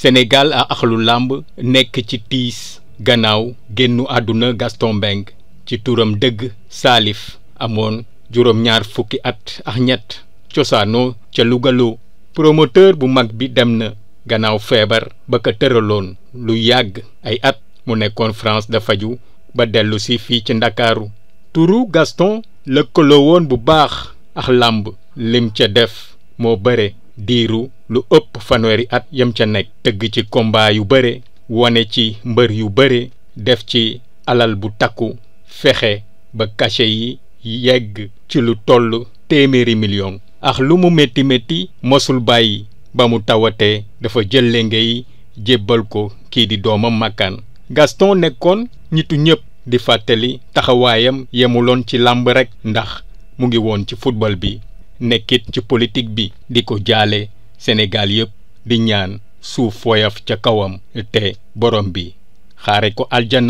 senegal a axlu làmb nekk ci tiis gannaaw génnu àdduna Gaston Mbengue ci turam dëgg saalif amoon juróom-ñaar fukki at ak ñett cosaanoo ca Lougaloo promoteur bu mag bi dem na gannaaw feebar ba ko tëraloon lu yàgg ay at mu nekkoon France da faju ba dellu si fii ci ndakaaru turu Gaston lëkkaloo woon bu baax ak làmb lim ca def moo bëre diiru lu ëpp fanweeri at yem ca nekk tëgg ci komba yu bare wone ci mbër yu bare def ci alal bu takku fexe ba cachet yi yegg ci lu toll téeméeri million ax lu mu métti métti mosul bàyyi ba mu tawatee dafa jële ngay yi jébbal ko kii di doomam màkkaan Gaston nekkoon ñitu ñëpp di fàttali taxawaayam yemuloon ci làmb rekk ndax mu ngi woon ci football bi nekkit ci politique bi di ko jaale Sénégal yëpp di ñaan suuf woyof ca kawam te borom bi xaare ko aljana